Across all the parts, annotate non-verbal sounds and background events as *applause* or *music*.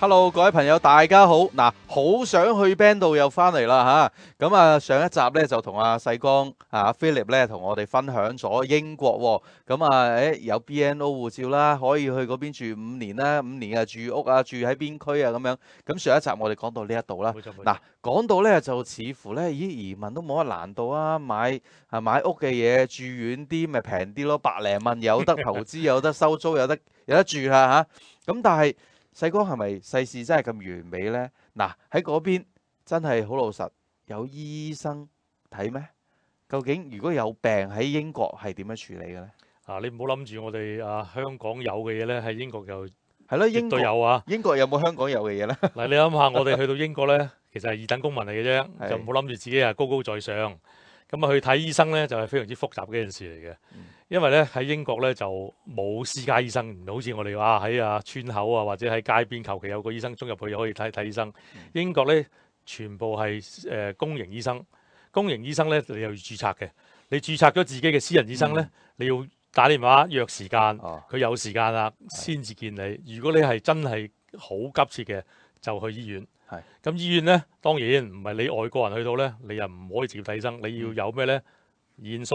hello，各位朋友，大家好。嗱，好想去 BEN 度又翻嚟啦吓。咁啊，上一集咧就同阿細光啊 Philip 咧同我哋分享咗英國。咁啊，誒、哎、有 BNO 護照啦，可以去嗰邊住五年啦，五年啊住屋啊，住喺邊區啊咁樣。咁上一集我哋講到，錯到呢一度啦。嗱，講到咧就似乎咧，咦，移民都冇乜難度啊，買啊買屋嘅嘢住遠啲咪平啲咯，百零蚊有得投資 *laughs* 有得收租有得有得，有得住啦吓。咁、啊、但係。細哥係咪世事真係咁完美咧？嗱，喺嗰邊真係好老實，有醫生睇咩？究竟如果有病喺英國係點樣處理嘅咧？嗱，你唔好諗住我哋啊香港有嘅嘢咧，喺英國又係咯，英國有啊，英國有冇香港有嘅嘢咧？嗱，你諗下，我哋去到英國咧，其實係二等公民嚟嘅啫，就唔好諗住自己係高高在上。咁啊，去睇醫生咧，就係非常之複雜嘅一件事嚟嘅。因為咧喺英國咧就冇私家醫生，唔好似我哋話喺啊村口啊或者喺街邊求其有個醫生衝入去可以睇睇醫生。嗯、英國咧全部係誒公營醫生，公營醫生咧你又要註冊嘅。你註冊咗自己嘅私人醫生咧，嗯、你要打電話約時間，佢有時間啦先至見你。如果你係真係好急切嘅，就去醫院。係咁、嗯、醫院咧，當然唔係你外國人去到咧，你又唔可以直接睇醫生。你要有咩咧驗疏？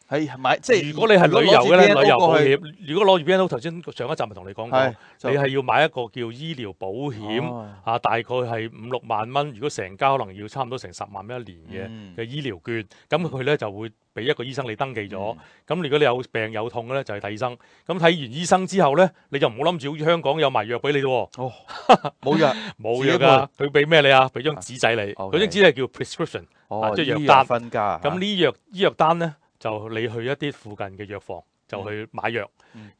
係買即係，如果你係旅遊咧，旅遊保險，如果攞住 BNO，頭先上一集咪同你講過，你係要買一個叫醫療保險，啊，大概係五六萬蚊。如果成家可能要差唔多成十萬蚊一年嘅嘅醫療券，咁佢咧就會俾一個醫生你登記咗。咁如果你有病有痛嘅咧，就係睇醫生。咁睇完醫生之後咧，你就唔好諗住好似香港有埋藥俾你喎。冇藥冇藥㗎，佢俾咩你啊？俾張紙仔你，嗰張紙係叫 prescription，即係藥單。咁呢藥醫藥單咧？就你去一啲附近嘅藥房就去買藥，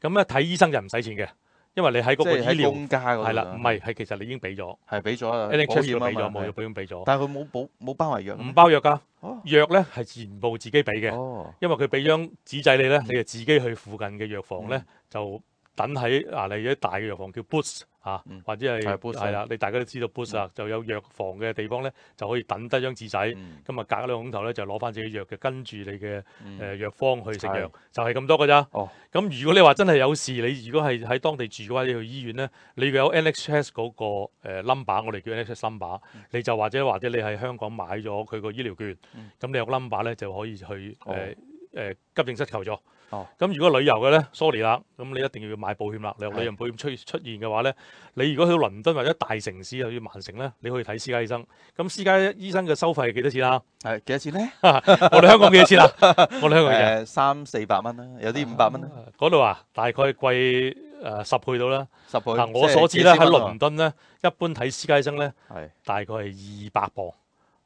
咁咧睇醫生就唔使錢嘅，因為你喺嗰個醫療係啦，唔係係其實你已經俾咗，係俾咗，保險俾咗，冇，保俾咗。但係佢冇保冇包埋藥，唔包藥㗎，藥咧係全部自己俾嘅，因為佢俾張紙仔你咧，你就自己去附近嘅藥房咧就。等喺啊，你一大嘅藥房叫 Boots 或者係係啦，你大家都知道 Boots 啊，就有藥房嘅地方咧，就可以等低張紙仔。咁啊、嗯，隔咗兩個鐘頭咧，就攞翻自己藥嘅，跟住你嘅誒藥方去食藥，嗯、就係咁多嘅咋。咁、哦、如果你話真係有事，你如果係喺當地住或者去醫院咧，你有 NHS 嗰個誒 number，我哋叫 NHS number，你就或者或者你喺香港買咗佢個醫療券，咁、嗯、你有 number 咧就可以去誒誒、呃呃、急症室，室求助，助。哦，咁如果旅遊嘅咧，sorry 啦，咁你一定要買保險啦。你旅，旅遊保險出出現嘅話咧，你如果去到倫敦或者大城市又要萬城咧，你可以睇私家醫生。咁私家醫生嘅收費係幾多錢啊？係幾多錢咧？ *laughs* *laughs* 我哋香港幾多錢啊？我哋香港誒三四百蚊啦，有啲五百蚊啦。嗰度啊，啊，大概貴誒十倍到啦，十倍。嗱、啊，我所知咧，喺倫敦咧，啊、一般睇私家醫生咧，係大概係二百磅。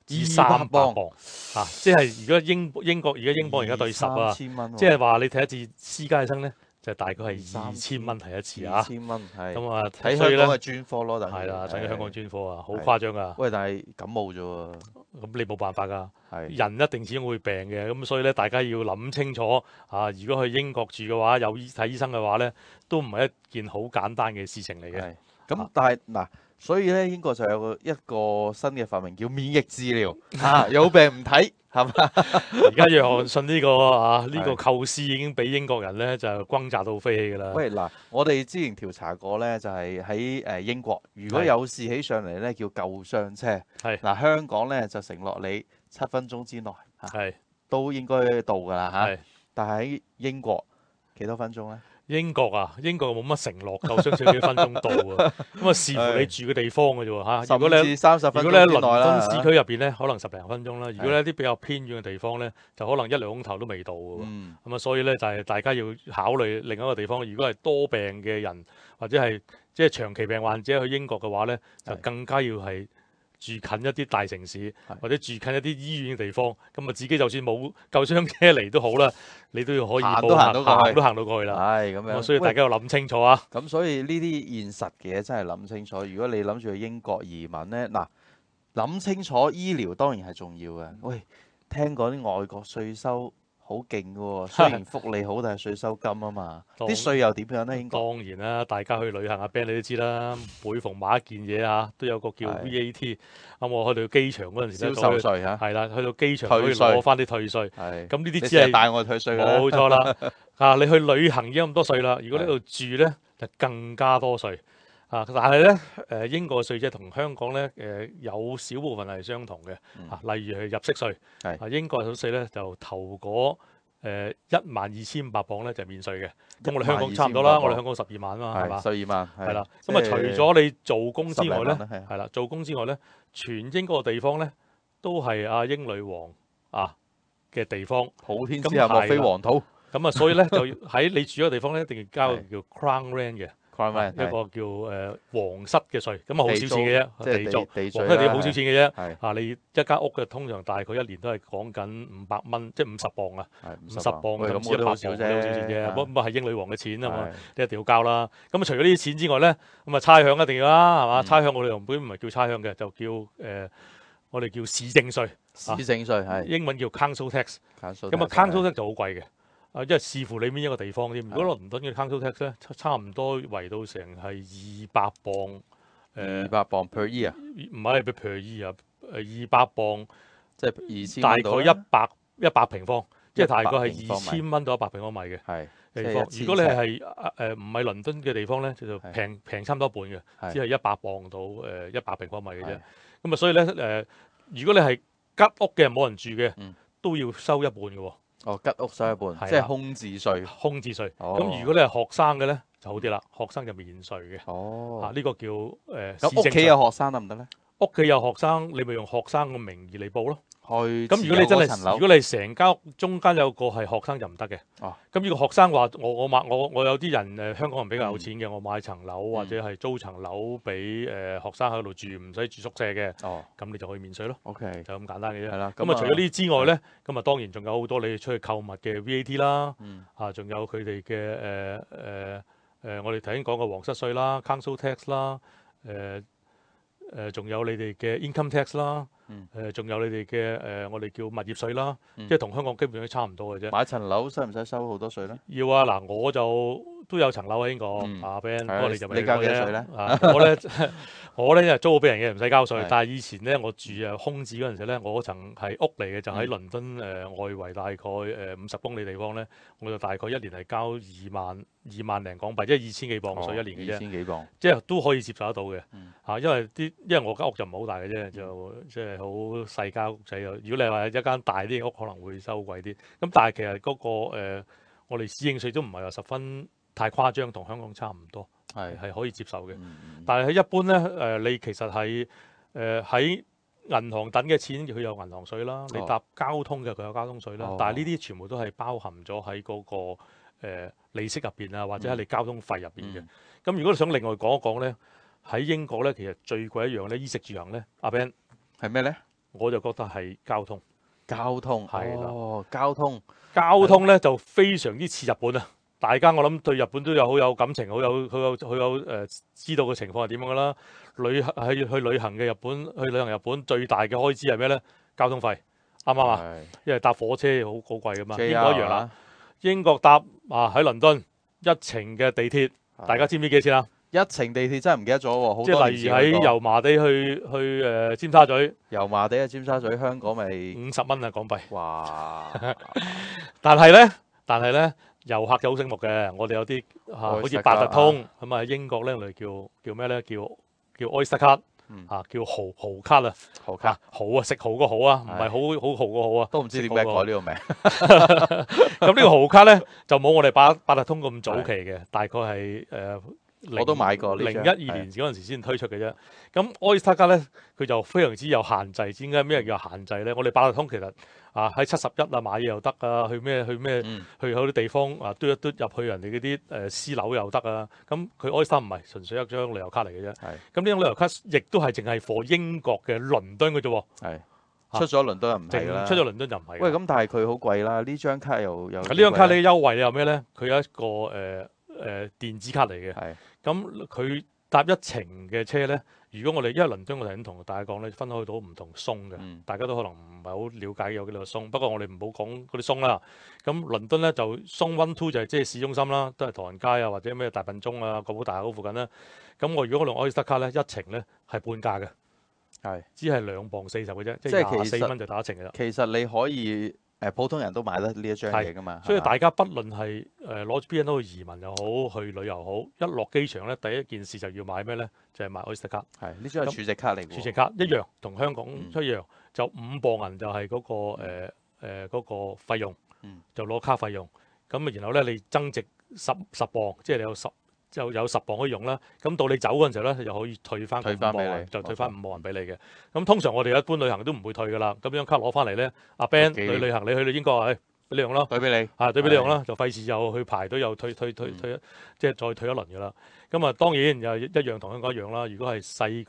二三百磅，嚇，即係而家英英國而家英磅而家對十啊，即係話你睇一次私家醫生咧，就大概係二千蚊睇一次啊，千蚊係咁啊，睇香港嘅專科咯，係啦，睇的的香港專科啊，好的誇張噶。喂，但係感冒啫喎，咁你冇辦法噶，的人一定始終會病嘅，咁所以咧，大家要諗清楚嚇、啊。如果去英國住嘅話，有醫睇醫生嘅話咧，都唔係一件好簡單嘅事情嚟嘅。的咁但係嗱、啊，所以咧，英國就有個一個新嘅發明叫免疫治療嚇、啊，有病唔睇係嘛？而家 *laughs* 吧約翰遜呢個啊，呢、這個構思已經俾英國人咧就轟炸到飛起㗎啦。喂嗱、啊，我哋之前調查過咧，就係喺誒英國，如果有事起上嚟咧，叫救傷車係嗱是、啊、香港咧就承諾你七分鐘之內係、啊啊、都應該到㗎啦嚇。啊、是但係喺英國幾多分鐘咧？英國啊，英國冇乜承諾，我相少，少幾分鐘到啊。咁啊 *laughs* 視乎你住嘅地方嘅啫喎嚇。如果你喺倫敦市區入邊咧，可能十零分鐘啦；如果你喺啲比較偏遠嘅地方咧，就可能一兩鐘頭都未到嘅。咁啊，所以咧就係、是、大家要考慮另一個地方。如果係多病嘅人或者係即係長期病患者去英國嘅話咧，就更加要係。住近一啲大城市，或者住近一啲醫院嘅地方，咁啊是的 自己就算冇救傷車嚟都好啦，你都要可以行都行到過去，行都行到過去啦。係咁樣，所以大家要諗清楚啊。咁所以呢啲現實嘅嘢真係諗清楚。如果你諗住去英國移民呢，嗱，諗清楚醫療當然係重要嘅。喂，聽講啲外國稅收。好勁㗎喎，雖然福利好，但係稅收金啊嘛，啲稅 *laughs* 又點樣咧？應當然啦，大家去旅行啊，Ben 你都知啦，逢每逢買一件嘢啊，都有個叫 VAT，咁的我去到機場嗰陣時都收稅嚇，係啦，去到機場可攞翻啲退稅，咁的呢啲只係帶我去退稅嘅，冇錯啦。 *laughs* 啊，你去旅行已經咁多稅啦，如果呢度住咧就更加多稅。啊！但係咧，誒英國嘅稅制同香港咧，誒有少部分係相同嘅。嚇，例如係入息稅，係英國嘅稅咧就頭嗰一萬二千五百磅咧就免稅嘅，咁我哋香港差唔多啦。我哋香港、嗯、十二萬啦，係嘛？十二萬係啦。咁啊，除咗你做工之外咧，係啦，做工之外咧，全英嗰個地方咧都係阿英女王啊嘅地方，普天之下，莫非王土。咁啊牌， *laughs* 所以咧就喺你住嗰個地方咧一定要交叫 Crown Rent 嘅。一個叫誒皇室嘅稅，咁啊好少錢嘅啫，地租。皇室你好少錢嘅啫，嚇你一間屋嘅通常大概一年都係講緊五百蚊，即係五十磅啊，五十磅甚至一百磅啫，好少啫。唔唔係英女王嘅錢啊嘛，你一定要交啦。咁啊除咗呢啲錢之外咧，咁啊差餉一定要啦，係嘛？差餉我哋原本唔係叫差餉嘅，就叫誒我哋叫市政稅。市政稅係英文叫 Council Tax，咁啊 Council Tax 就好貴嘅。啊，即係視乎你邊一個地方添。如果倫敦嘅 Council Tax 咧，差唔多圍到成係二百磅，誒二百磅 year? per year 啊？唔係 per year 啊，誒二百磅，即係大概一百一百平方，即係大概係二千蚊到一百平方米嘅。係，如果你係誒唔係倫敦嘅地方咧，就平平差唔多半嘅，只係一百磅到誒一百平方米嘅啫。咁啊，所以咧誒，如果你係間屋嘅冇人住嘅，都要收一半嘅喎。哦，吉屋收一半，的即係空置稅。空置稅。咁、哦、如果你係學生嘅咧，就好啲啦。學生就免稅嘅。哦，呢、啊呢個叫誒。咁屋企有學生得唔得咧？屋企有學生，你咪用學生嘅名義嚟報咯。咁如果你真係，如果你成間屋中間有個係學生就唔得嘅。咁、啊、如果學生話我我買我我有啲人誒香港人比較有錢嘅，嗯、我買層樓或者係租層樓俾誒、呃、學生喺度住，唔使住宿舍嘅。咁、哦、你就可以免稅咯。OK。就咁簡單嘅啫。係啦。咁、嗯、啊、嗯、除咗呢啲之外咧，咁啊、嗯、當然仲有好多你哋出去購物嘅 VAT 啦。啊、呃，仲有佢哋嘅誒誒誒，我哋頭先講過皇室稅啦、Council Tax 啦、呃、誒、呃、誒，仲有你哋嘅 Income Tax 啦。嗯，誒仲有你哋嘅誒，我哋叫物業稅啦，嗯、即係同香港基本上都差唔多嘅啫。買層樓使唔使收好多稅呢？要啊，嗱，我就。都有層樓喺英國啊 Ben 你就交幾多稅咧？我咧，我咧因為租咗俾人嘅，唔使交稅。 *laughs* 但係以前咧，我住啊空置嗰陣時咧，我嗰層係屋嚟嘅，就喺、是、倫敦誒、呃嗯、外圍，大概誒五十公里地方咧，我就大概一年係交二萬二萬零港幣，即係二千幾磅稅一年嘅啫。二千幾、哦、磅，即係都可以接受得到嘅。嚇、嗯，因為啲因為我間屋、嗯、就唔係好大嘅啫，就即係好細間屋仔。如果你話一間大啲嘅屋，可能會收貴啲。咁但係其實嗰、那個、呃、我哋市應稅都唔係話十分，太誇張，同香港差唔多，係係可以接受嘅。但係喺一般咧，誒你其實係誒喺銀行等嘅錢，佢有銀行稅啦；你搭交通嘅，佢有交通稅啦。但係呢啲全部都係包含咗喺嗰個誒利息入邊啊，或者喺你交通費入邊嘅。咁如果你想另外講一講咧，喺英國咧，其實最貴一樣咧，衣食住行咧，阿 Ben 係咩咧？我就覺得係交通，交通係啦，交通交通咧就非常之似日本啊！大家我諗對日本都有好有感情，好有好有好有誒、呃、知道嘅情況係點樣噶啦？旅去去旅行嘅日本，去旅行日本最大嘅開支係咩咧？交通費啱唔啱啊？係因為搭火車好好貴噶嘛。係英國一樣啦。係英國搭啊，喺倫敦一程嘅地鐵，係大家知唔知幾錢啊？一程地鐵真係唔記得咗喎。即係例如喺油麻地去去誒、呃、尖沙咀，油麻地啊，尖沙咀，香港咪五十蚊啊，港幣。哇！但係咧，但係咧。遊客就好醒目嘅，我哋有啲嚇，好似八達通咁啊。英國咧，我哋叫叫咩咧？叫叫愛斯卡嚇，叫豪豪卡啦。豪卡好啊，食豪個好啊，唔係好好豪個好啊。都唔知點解改呢個名。咁呢個豪卡咧，就冇我哋八八達通咁早期嘅，大概係誒。我都買過零一二年前嗰時先推出嘅啫。咁 Oyster 卡咧，佢就非常之有限制。點解咩叫限制咧？我哋八達通其實啊喺七十一啊買嘢又得啊，去咩去咩、嗯、去好多地方啊，嘟一嘟入去人哋嗰啲誒私樓又得啊。咁佢 Oyster 唔係純粹一張旅遊卡嚟嘅啫。咁呢張旅遊卡亦都係淨係 for 英國嘅倫敦嘅啫，啊。係出咗倫敦就唔係，出咗倫敦就唔係。喂，咁但係佢好貴啦。呢張卡又又。呢張卡你嘅優惠又咩咧？佢有一個誒誒、呃呃、電子卡嚟嘅。係。咁佢搭一程嘅車咧，如果我哋因為倫敦，我哋已經同大家講咧，分開到唔同鬆嘅，嗯、大家都可能唔係好了解有幾多鬆。不過我哋唔好講嗰啲鬆啦。咁倫敦咧就鬆 One Two 就係即係市中心啦，都係唐人街啊，或者咩大笨鐘啊、國寶大廈附近啦。咁我如果我同愛爾斯卡咧一程咧係半價嘅，係只係兩磅四十嘅啫，是即係廿四蚊就打一程嘅啦。其實你可以。誒普通人都買得呢一張卡，㗎嘛，所以大家不論係誒攞住 BNO 都去移民又好，去旅遊好，一落機場咧，第一件事就要買咩咧？就係、是、買 Oyster Card。係呢張係儲值卡嚟嘅，儲值卡一樣同香港一樣，嗯、就五磅銀就係嗰、那個誒誒嗰費用，就攞卡費用。咁啊，然後咧你增值十十磅，即係你有十。又有十磅可以用啦，咁到你走嗰陣時候咧，又可以退翻五磅，退就退翻五磅銀俾你嘅。咁通常我哋一般旅行都唔會退噶啦。咁張卡攞翻嚟咧，的阿 Ben 去旅行，你去到英國，唉、哎、俾你用咯、啊，退俾你，啊退俾你用啦，的就費事又去排隊又退退退退，即係再退一輪噶啦。咁啊當然又一樣同香港一樣啦。如果係細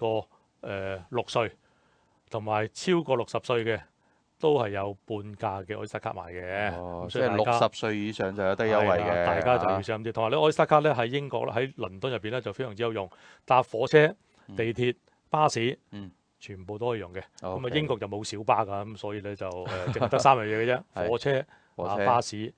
個誒六歲同埋超過六十歲嘅，都係有半價嘅 Oyster Card 賣嘅，所以六十歲以上就有得優惠嘅。的大家就要小心啲。啊、同埋你 Oyster Card 咧，喺英國喺倫敦入邊咧就非常之有用，搭火車、地鐵、巴士，嗯，全部都可以用嘅。咁啊、哦 okay. 英國就冇小巴㗎，咁所以咧就誒淨得三樣嘢嘅啫， *laughs* 火車、啊巴士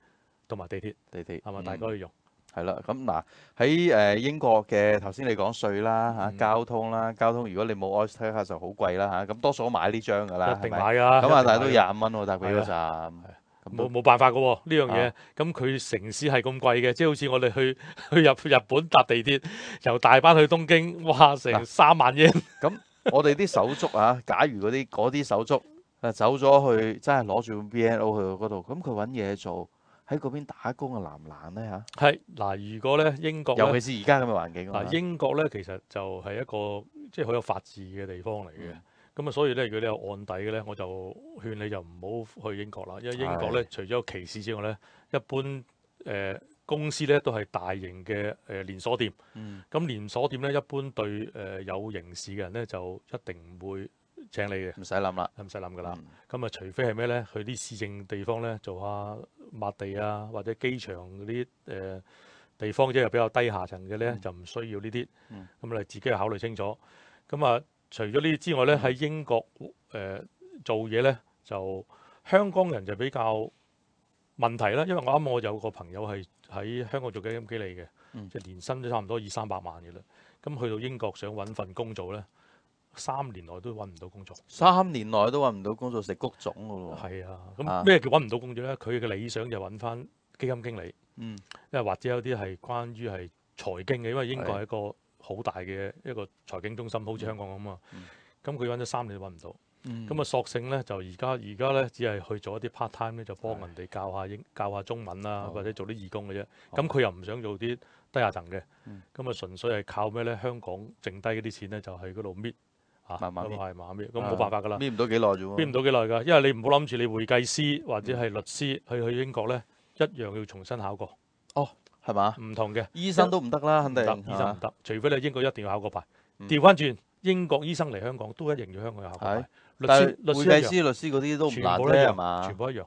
同埋地鐵，地鐵係嘛，大家要用。係啦，咁嗱喺誒英國嘅頭先你講稅啦嚇，交通啦、啊、交通，如果你冇 Oyster 卡就好貴啦嚇，咁、啊、多數買呢張㗎啦，一定買㗎。咁啊，但係都廿蚊喎搭幾多站？冇冇辦法嘅喎呢樣嘢。咁佢城市係咁貴嘅，即係好似我哋去去入日本搭地鐵，由大阪去東京，哇，成三萬日圓。咁、啊、我哋啲手足啊， *laughs* 假如嗰啲啲手足啊 *laughs* 走咗去，真係攞住 BNO 去嗰度，咁佢揾嘢做。喺嗰邊打工嘅難唔難咧？嚇，係嗱，如果咧英國，尤其是而家咁嘅環境，嗱，英國咧其實就係一個即係好有法治嘅地方嚟嘅。咁啊、嗯，所以咧，如果你有案底嘅咧，我就勸你就唔好去英國啦。因為英國咧，除咗有歧視之外咧，嗯、一般誒公司咧都係大型嘅誒連鎖店。嗯。咁連鎖店咧，一般對誒有刑事嘅人咧，就一定唔會請你嘅。唔使諗啦，唔使諗㗎啦。咁啊、嗯，除非係咩咧？去啲市政地方咧，做下。抹地啊，或者機場嗰啲誒地方，即係比較低下層嘅咧，嗯、就唔需要呢啲。咁你、嗯嗯、自己考慮清楚。咁、嗯、啊，除咗呢啲之外咧，喺英國誒、呃、做嘢咧，就香港人就比較問題啦。因為我啱我有個朋友係喺香港做緊基金經理嘅，即係、嗯、年薪都差唔多二三百萬嘅啦。咁、嗯、去、嗯嗯、到英國想搵份工做咧？三年內都揾唔到工作，三年內都揾唔到工作，食谷種嘅喎。係啊，咁咩叫揾唔到工作咧？佢嘅理想就揾翻基金經理，嗯，因為或者有啲係關於係財經嘅，因為英國係一個好大嘅一個財經中心，好似是香港咁啊。咁佢揾咗三年都揾唔到，咁啊、嗯、索性咧就而家而家咧只係去做一啲 part time 咧，就幫人哋教下英教下中文啊，哦、或者做啲義工嘅啫。咁佢、哦哦、又唔想做啲低下層嘅，咁啊、嗯嗯、純粹係靠咩咧？香港剩低嗰啲錢咧，就喺嗰度搣。慢慢咁冇辦法噶啦，編唔到幾耐啫喎，編唔到幾耐噶，因為你唔好諗住你會計師或者係律師去去英國咧，一樣要重新考過。哦，係嘛？唔同嘅，醫生都唔得啦，肯定。唔得，醫生唔得，除非你英國一定要考個牌。調翻轉，英國醫生嚟香港都一定要香港考牌。律係會計師、律師嗰啲都唔難啫，全部一樣。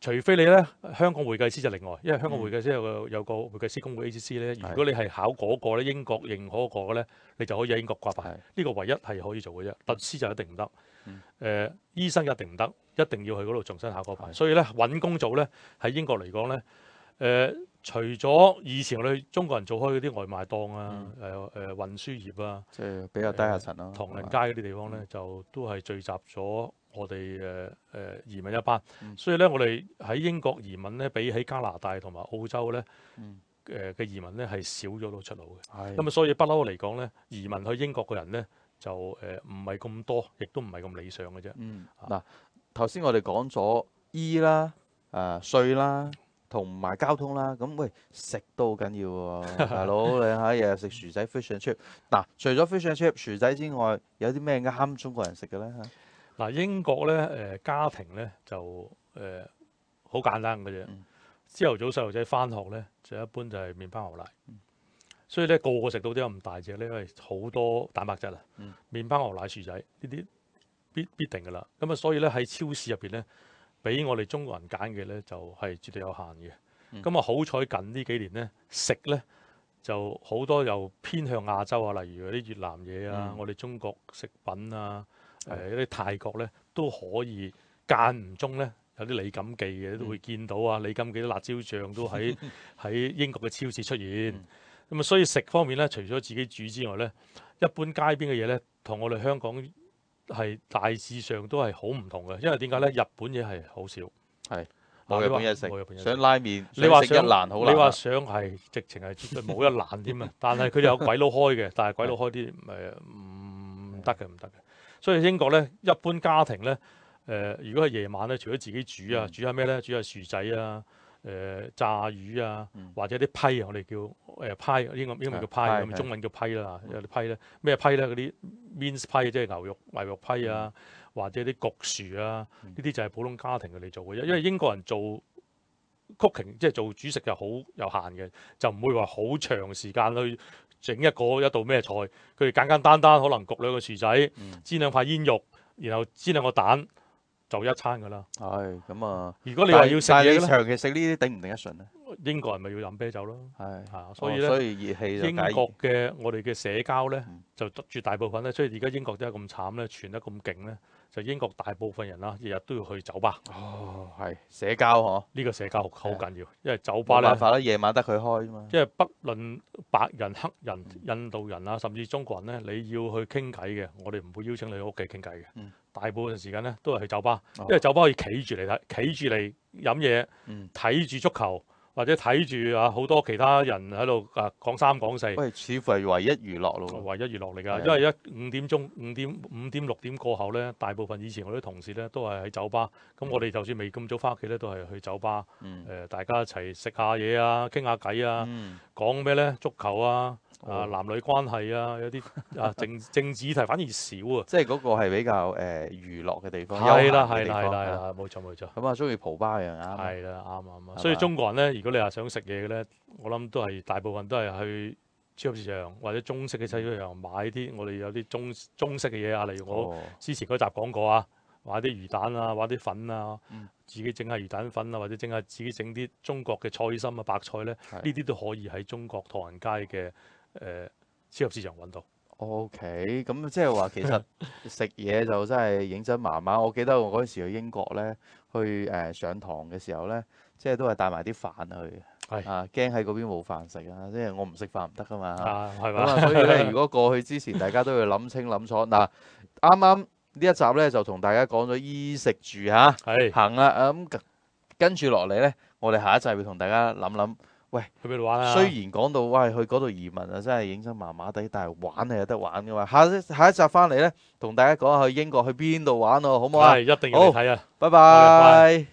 除非你咧香港會計師就另外，因為香港會計師有個有個會計師公會 A.C.C 咧，如果你係考嗰個咧英國認可嗰個咧，你就可以喺英國掛牌。呢的個唯一係可以做嘅啫，律師就一定唔得。誒、嗯呃，醫生一定唔得，一定要去嗰度重新考個牌。的所以咧搵工做咧喺英國嚟講咧，誒、呃。除咗以前我哋中國人做開嗰啲外賣檔啊，誒誒運輸業啊，即係比較低下層咯。唐人街嗰啲地方咧，就都係聚集咗我哋誒誒移民一班。所以咧，我哋喺英國移民咧，比起加拿大同埋澳洲咧，誒嘅移民咧係少咗好多出路嘅。咁啊，所以不嬲嚟講咧，移民去英國嘅人咧，就誒唔係咁多，亦都唔係咁理想嘅啫。嗱，頭先我哋講咗醫啦，誒稅啦。同埋交通啦，咁喂食都好緊要喎，啊，大佬 *laughs* 你嚇日日食薯仔 fish and chip 嗱，啊，除咗 fish and chip 薯仔之外，有啲咩啱中國人食嘅咧？嗱，英國咧誒，呃、家庭咧就誒好，呃、簡單嘅啫，朝頭，嗯、早細路仔返學咧就一般就係麵包牛奶，嗯，所以咧個個食到啲咁大隻咧，因為好多蛋白質啊，嗯，麵包牛奶薯仔呢啲必必定嘅啦，咁啊所以咧喺超市入邊咧。俾我哋中國人揀嘅咧，就係絕對有限嘅。咁啊、嗯，好彩近呢幾年呢，食呢就好多又偏向亞洲啊，例如嗰啲越南嘢啊，嗯、我哋中國食品啊，誒一啲泰國呢，都可以間唔中呢，有啲李錦記嘅都會見到啊，李錦記啲辣椒醬都喺喺 *laughs* 英國嘅超市出現。咁啊、嗯，所以食方面呢，除咗自己煮之外呢，一般街邊嘅嘢呢，同我哋香港。係大致上都係好唔同嘅，因為點解咧？日本嘢係好少，係，冇日本嘢食、呃、想拉麵，你話想一蘭好難。你話想係直情係絕對冇一蘭添啊！但係佢有鬼佬開嘅， *laughs* 但係鬼佬開啲誒唔得嘅，唔得嘅。所以英國咧，一般家庭咧，誒、呃，如果係夜晚咧，除咗自己煮啊，煮下咩咧，煮下薯仔啊。誒、呃、炸魚啊，或者啲批啊，我哋叫誒、呃、批，英英文叫批，咁中文叫批啦，有啲批咧，咩批咧？嗰啲 mince 批即係牛肉、牛肉批啊，嗯、或者啲焗薯啊，呢啲就係普通家庭佢哋做嘅，因為英國人做 cooking 即係做主食就好有限嘅，就唔會話好長時間去整一個一道咩菜，佢哋簡簡單單，單，可能焗兩個薯仔，煎兩塊煙肉，然後煎兩個蛋。就一餐噶啦，係咁啊！嗯、如果你話要食嘢咧，但係你長期食呢啲，頂唔頂得順咧？英國人咪要飲啤酒咯，係吓，所以咧，所以熱氣英國嘅我哋嘅社交咧，嗯、就住大部分咧，所以而家英國真係咁慘咧，傳得咁勁咧。就英國大部分人啦、啊，日日都要去酒吧。哦，係社交呵，呢個社交好緊是要，因為酒吧冇辦法啦，夜晚得佢開嘛。即係不論白人、黑人、印度人啊，甚至中國人咧，你要去傾偈嘅，我哋唔會邀請你去屋企傾偈嘅。嗯、大部分時間咧都係去酒吧，哦、因為酒吧可以企住嚟睇，企住嚟飲嘢，睇住、嗯、足球。或者睇住好多其他人喺度啊講三講四。喂，似乎係唯一娛樂咯，唯一娛樂嚟㗎。的因為一五點鐘、五點、五點六點過後呢，大部分以前我啲同事呢都係喺酒吧。咁我哋就算未咁早返屋企咧，都係去酒吧。嗯呃，大家一齊食下嘢啊，傾下偈啊，講咩、嗯、呢？足球啊！啊，男女關係啊，有啲啊政政治議題反而少啊，即係嗰個係比較誒娛樂嘅地方，休閒嘅地方。係啦係啦係啦，冇錯冇錯，咁啊中意蒲吧樣啊，係啦啱啱啊。所以中國人咧，如果你話想食嘢嘅咧，我諗都係大部分都係去超級市場或者中式嘅菜市場買啲我哋有啲中中式嘅嘢啊，例如我之前嗰集講過啊，買啲魚蛋啊，買啲粉啊，自己整下魚蛋粉啊，或者整下自己整啲中國嘅菜心啊、白菜咧，呢啲都可以喺中國唐人街嘅。誒，超級市場搵到。O K，咁即係話，其實食嘢就真係認真麻麻。 *laughs* 我記得我嗰時去英國咧，去誒上堂嘅時候咧，即係都係帶埋啲飯去，吓驚喺嗰邊冇飯食啦。即係我唔食飯唔得噶嘛。係、 *laughs* 嗯、所以咧，如果過去之前，大家都要諗清諗楚。嗱，啱啱呢一集咧就同大家講咗衣食住吓，係行啦。咁跟住落嚟咧，我哋下一集會同大家諗諗。喂，去邊度玩啊？雖然講到喂去嗰度移民啊，真係影相麻麻地，但係玩係有得玩㗎嘛。下下一集返嚟呢，同大家講下去英國去邊度玩哦、啊，好唔好？係，一定要嚟睇啊！拜拜。